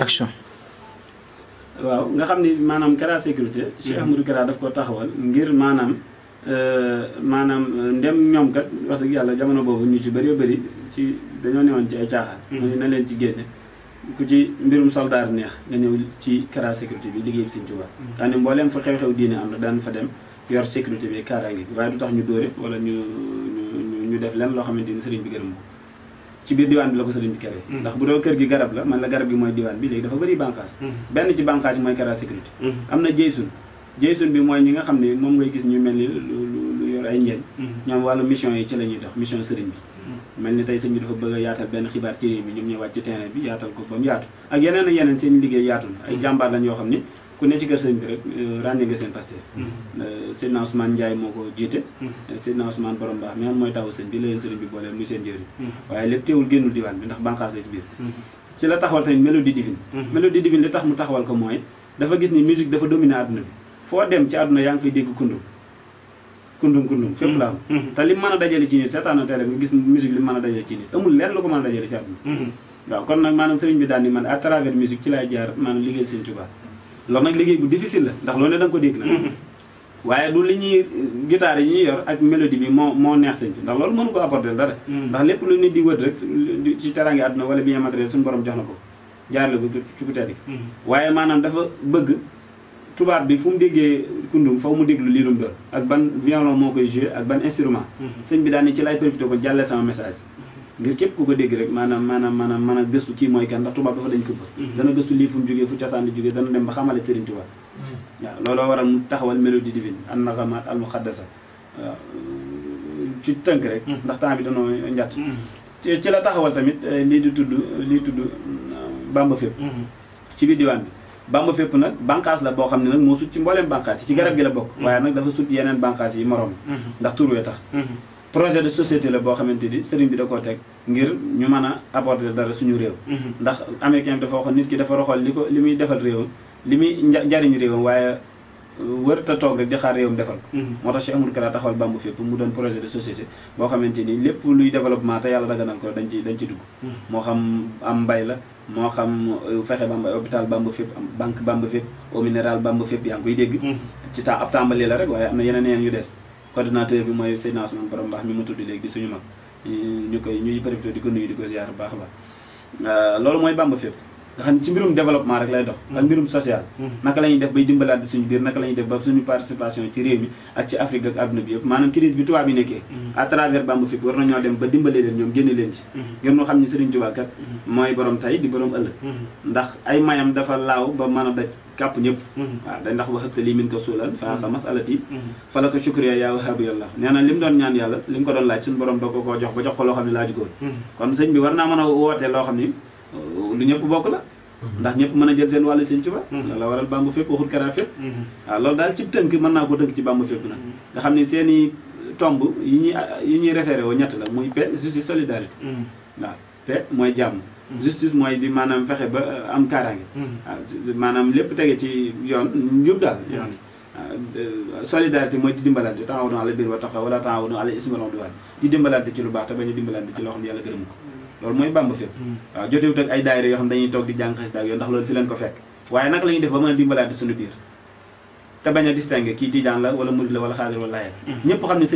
action. waaw nga xam ni maanaam Kara sécurité. Mm-hmm. Cheikh Amadou Kara daf ko taxawal ngir maanaam euh, maanaam euh, ndem ñoom kat wax dëgg yàlla jamono boobu ñu ci bëri bëri ci dañoo newoon ci ay caaxaan. Mm-hmm. ñu na leen ci génne ku ci mbirum soldaar neex nga ñëw ci Kara sécurité bi liggéey ak Sëñ Tuubaa. kaa ne mbooleem fa xew-xew diine am na daan fa dem yor sécurité bi kaaraange gi waaye du tax ñu dóore wala ñu ñu ñu def lenn loo xamante ni sëriñ bi gërëm ko. ci biir diwaan bi la ko sëriñ bi kere mm-hmm. ndax bu doo kër gi garab la man la garab gi mooy diwaan bi léegi dafa bëri bànqaas mm-hmm. benn ci bànqaas yi mooy Kara sécurité mm-hmm. am na jeysun jeysun bi mooy ñi nga xam ne moom ngay gis ñu mel ni lu yor ay njëriñ ñoom wàllu mission yi ci la ñuy dox mission sëriñ bi mel ni tey sëñ bi dafa bëgg a yaatal benn xibaar ci réew mi ñoom ñooy wàcc ci terrain bi yaatal ko ba mu yaatu ak yeneen ak yeneen seen liggéey yaatu ay jàmbaar yoo xam ni kune ci kër bi rek euh, ràññee nga seen passé sëñ naa Ousmane ndjay moko ko jiite mm-hmm. Ousmane borom bax mi am taw sëñ bi leen sen bi bolé muy seen jëriñ mm-hmm. waye lepp téwul génnul diwan bi ndax bànqaas la ci bir mm-hmm. ci la taxawal tamit mélodie divine mélodie divine li tax mu taxawal ko moy dafa gis ni musique dafa dominer aduna bi fo dem ci aduna yaa fi dégg kundum kundum kundum fepp la ta li mën ci télé gis musique li mëna a ci ni amul lenn lu mëna mën ci aduna waaw kon nak manam sëriñ bi dal ni man à travers musique ci lay jaar loolu nag liggéey bu difficile la ndax loolu ne ko dégg na mm-hmm. waaye du li ñuy guitare yi ñuy yor ak mélodie bi moo moo neex sëñ bi ndax loolu mënu ko apporter dara mm-hmm. ndax lépp lu nit di wër rek ci teraange àdduna wala bien matériel suñu borom jox na ko jaarale ko ci ku tedd mm-hmm. waaye maanaam dafa bëgg tubaab bi fu mu déggee kundum faw mu déglu liirum dor ak ban violon moo koy joué ak ban instrument sëñ bi daal ne ci lay profité ko jàlle sama message ngir képp ku ko dégg rek maanaam maanaam maanaam mën a gëstu kii mooy kan ndax tubaab dafa dañ këpp mhm. dana gëstu lii fu jógee fu casaan di jógee dana dem ba xamale Serigne Touba mhm. waaw looloo waral mu taxawal mélodie divine an nagamat al la taxawal tamit eh, lii di tudd lii tudd euh, bamba fépp mhm. ci biir diwaan bi bamba fépp nag banqaas la boo xam ne nag moo sut ci mbooleem banqaas yi ci garab gi waaye nag dafa sut yeneen banqaas yi morom ndax turwee tax projet de société la boo xamante ni sëriñ bi da koo teg ngir ñu mën a apporter dara suñu réew mhm. ndax américain bi dafa waxoon nit ki dafa roxool li ko li muy defal réew li muy njariñ réewam waaye euh, wër ta toog rek di xaar réewam defal ko mhm. moo tax Cheikh Amadou Kara taxawal Bamba fépp mu doon projet de société boo xamante ni lépp luy développement te yàlla daganal ko dañ ci dañ ci dugg mhm. moo xam am mbay la moo xam euh, fexe Bamba hôpital Bamba fépp banque Bamba fépp o minérale Bamba fépp yaa ngi koy dégg ci temps la rek waaye am na yeneen yu des coordinateur bi mooy Seydina Ousmane Borom Mbaax mi mu tudd léegi suñu mag ñu koy ñuy profité di ko nuyu di ko ziar bu baax a baax euh, loolu mooy Bamba Fépp nga xam ci mbirum développement rek lay dox mm-hmm. ak mbirum social mm-hmm. naka la ñuy def bay dimbalaat suñu biir naka la ñuy def ba suñu participation ci réew mi ak ci Afrique ak adduna bi yëpp maanaam crise bi tubaab yi nekkee mm-hmm. à travers Bamba Fépp war nañoo dem ba dimbalee leen ñoom génne leen ci ngir noo xam ne Serigne Touba kat mooy borom tey di borom ëllëg ndax ay mayam dafa laaw ba a kàpp ñëpp mhm. waaw dañ a waxabta lii min ko suulal faata mhm. masalati mhm. fala ko shukriya yaa wahaabu yàlla nee na li mu doon ñaan yàlla li mu ko doon laaj suñu borom doo ko koo jox ba jox ko loo xam ne laaju góor kon sëñ bi war naa mën a woote loo xam ni uh, lu ñëpp bokk la ndax ñëpp mën a jël seen wàllu sëñ Tuubaa la waral bàmbu fépp waxul loolu daal ci tënk mën naa ko tënk ci bàmbu fépp nag nga xam ne seen tomb yi ñuy yi ñuy ñett la muy paix justice solidarité justice mooy di maanaam fexe ba euh, am kaaraange. Mm-hmm. Ah, maanaam lépp tege ci yoon njub daal mm-hmm. yoon ah, solidarité mooy di dimbalante taawunu ala birri wa taqwa wala taawunu ala ismi wal udwan di dimbalante ci lu baax te bañ a dimbalante ci loo xam ne yàlla gërëm ko mm-hmm. loolu mooy bàmba fépp waaw ah, jotewut ak ay daayira yoo xam dañuy toog di jàng xasida ak yoon ndax loolu fi leen ko fekk waaye naka la def ba mën a dimbalante suñu biir te bañ a distinguer kii tijaan la wala murid la wala xaadir wala laayeen ñëpp xam ne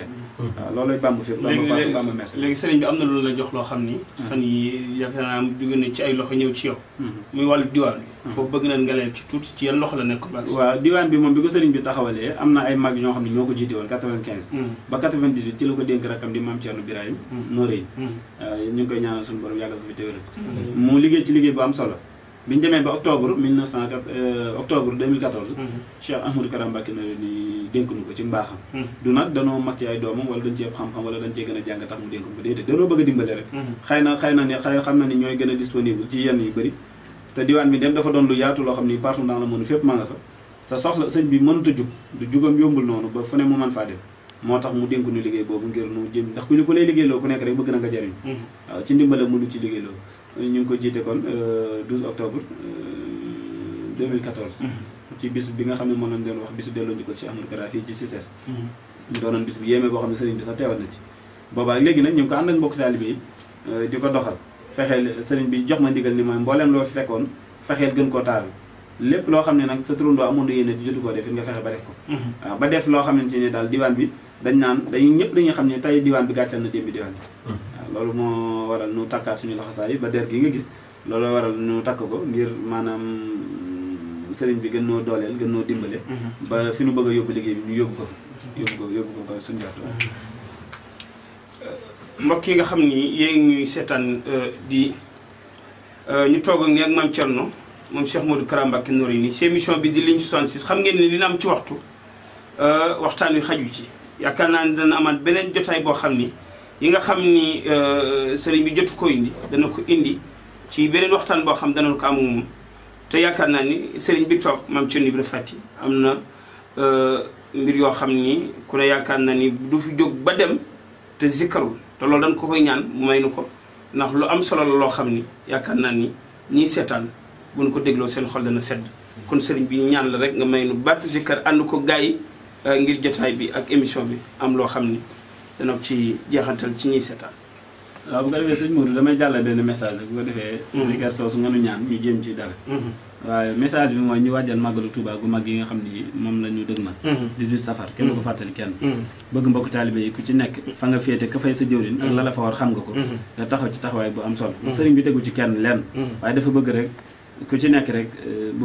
sëñ waaw ah, loolu lañ bàmb fi bàmb merci léegi sëriñ bi am na loolu la jox loo xam ni hmm. fan yi yaakaar naa jóge na ci ay loxo ñëw ci yow hmm. muy wàllu diwaan bi hmm. foofu bëgg na nga ci tuuti ci yan loxo la nekk ba waaw diwaan bi moom bi ko sëriñ bi taxawalee am na ay mag ñoo xam ne ñoo ko jiite woon 95 ba 98 ci la ko dénk rakkam di maam Thierno Birahim Nooré ah, ñu koy ñaanal suñu borom yàggal ko fi téwér mu liggéey ci liggéey bu am bi ñu demee ba octobre 19 euh, octobre 2014. Mhm. Cheikh Ahmadou Kara Mbacké na ni dénk nu ko ci mbaaxam. Mhm. du nag danoo mag ci ay doomam wala dañ cee xam-xam wala dañ cee gën a jàng tax mu dénk ko déedéet danoo bëgg a dimbale rek. Mhm. na ne xam na ni ñooy gën a bi dem dafa doon lu yaatu loo xam ni partout dans le monde fépp maa nga fa te soxla sëñ bi jug du jugam yombul noonu ba fu ne mu mën faa dem. moo tax mu dénk nu liggéey boobu ngir nu jëm ndax ku ñu ko lay liggéeyloo ku nekk rek bëgg na nga jariñ ñu ngi ko jiite kon 12 euh, octobre 2014. Euh, mm-hmm. ci bis bi nga xam ne moom lañ doon wax bisu delloo njukkal ci Ahmadou Kara fii ci CICES. Mm-hmm. mu doonoon bis bu yéeme boo xam ne sëriñ bi sax teewal na ci. boobaa léegi nag ñu ngi ko ànd mbokk taalibe euh, di ko doxal fexeel sëriñ bi jox ma ndigal ni ma mbooleem loo fekkoon fexeel gën koo taaru lépp loo xam ne nag sa turandoo amoon na yéene ci jotu koo def it nga fexe ba def ko. Mm-hmm. waaw ba def loo xamante ne daal diwaan bi dañ naan dañuy ñëpp dañuy xam ne bi gàccal loolu moo waral nu takkaat suñu laxasaay ba der gi nga gis loolu waral nu takk ko ngir maanaam sëriñ bi gën noo dooleel gën noo dimbale. Mhm. ba fi nu bëgg a yóbbu liggéey bi ñu yóbbu ko fa. yóbbu ko yóbbu mhm. euh, yi nga xam ni yéen ñuy seetaan euh, di euh, ñu toog ak ngeen maam Thierno moom Cheikh Modou Kara yi Noreyni si émission bi di ligne 66 xam ngeen ni dina am ci waxtu waxtaan wi xaju ci yaakaar naa ni dana amaat beneen jotaay boo xam ni. yi nga xam ni euh, sëriñ bi jotu ko indi dana ko indi ci beneen waxtaan boo xam danañ ko amu moom te yaakaar naa ni sëriñ bi toog maam Thierno Ibrahima Fati am na euh, mbir yoo xam ni ku yaakaar na ni du jóg ba dem te zikkarul te loolu dañ ko koy ñaan mu may nu ko ndax lu am solo la loo xam ni yaakaar naa ni ñiy seetaan bu ñu ko dégloo seen xol dana sedd kon sëriñ bi ñaan la rek nga may nu baatu zikkar ànd ko gars yi euh, ngir jotaay bi ak émission bi am loo xam ni dana ci jeexantal ci ñuy seetaan. waaw bu ko defee sëñ Mourou damay jàllale benn message bu ko defee. zikkar mhm. soosu nga nu ñaan ñu jéem ci dara. Mhm. waaye message bi mooy ñu wàjjal màggalu Touba gu mag yi nga xam ni moom la ñu dëgmal. 18 mhm. safar kenn du ko fàttali kenn. bëgg mbokk taalibe yi ku ci nekk fa nga féete ka fay sa jëwrin ak la la fa war xam nga ko. nga taxaw ci taxawaay bu am solo. sëriñ bi tegu ci kenn lenn. waaye dafa bëgg rek ku ci nekk rek eh, bu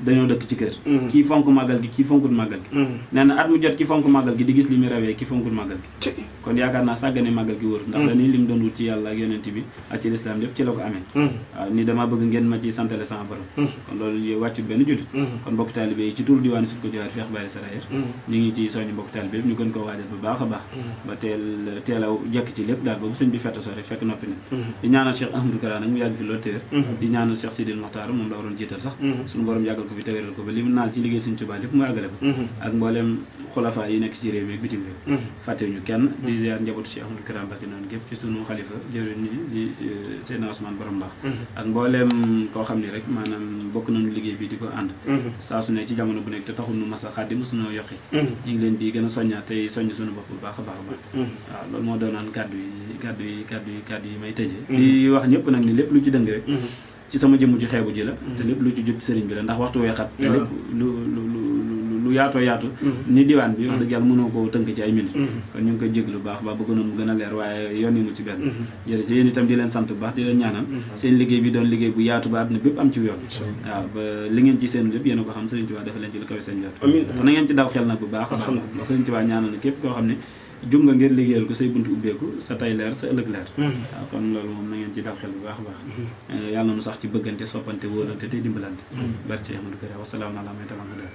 dañu dëkk ci kër mm-hmm. ki fonk magal gi ki fonkul magal gi mm-hmm. néna na at mu jot ki fonk magal gi di gis limi rawé ki fonkul magal gi kon yaakaarna sagane magal gi wër ndax ni mm-hmm. lim doon wut ci yalla ak yonent bi ak ci l'islam yépp ci lako amé ah, ni dama bëgg ngeen ma ci santale sama borom kon loolu waccu ben jullit kon bokk talibé ci tour diwan sukko jaar cheikh bari sarayer ñi ngi ci soñu bokk talibé ñu gën ko wajjal bu baaxa baax ba teel teel jekk ci lépp daal bu señ bi fétta sore fekk nopi na di ñaanal Cheikh Ahmadou Kara mu yàgg fi loolu di ñaanal Cheikh Sidil Mokhtar moom la waroon sax suñu borom yàggal ko fi te wéral ko ba li mu naal ci liggéey Sëriñ Tuubaa lépp mu àggale ko mhm. ak mbooleem xulafaa yi nekk ci réew mi bitim réew mhm. fàttewuñu kenn di ziar njabootu Cheikh Ahmadou Kara Mbacké noonu gépp ci sunu xalifa jëwrin ñi di euh, Seydina Ousmane Borom Mbaax mhm. ak mbooleem koo xam ne rek maanaam bokk nañu liggéey bi di ko ànd saa su ne ci jamono bu nekk te taxul nu mas a xaddi mosunoo yoqi ñu ngi leen di gën a soññaa tey soññ suñu bopp baax a baax a baax waaw loolu moo doonaan kàddu yi kàddu yi kàddu yi kàddu yi may tëjee di wax ñëpp ci sama jëmm ji xeebu ji la mm. te lépp lu ci sëriñ bi la ndax waxtu weexat te lépp lu lu yaatoo yaatu mm. ni diwaan bi wax mm. dëgg yàlla mënoo koo tënk ci ay minute kon ñu ngi koy jéglu baax baax bëgg noonu mu gën a leer waaye yónni mu ci benn mm-hmm. jërëjëf yéen di leen sant bu baax di leen ñaanal mm-hmm. seen liggéey bi doon liggéey bu yaatu ba àdduna bépp am ci yoon waaw ba li ngeen ci seen lépp yéen a ko xam Sëriñ Tuubaa dafa leen lu kawe seen jot na ngeen ci bu baax Sëriñ Tuubaa ñaanal na képp koo xam ne jug nga ngir liggéeyal ko say bunt ubbeeku sa tay leer sa ëllëg leer hmm. waaw kon loolu moom na ci dal xel bu baax a baax hmm. eh, yàlla na nu sax ci bëggante soppante wóolante te dimbalante hmm. a Ahmadou Kara wasalaamaalaa may tamanko def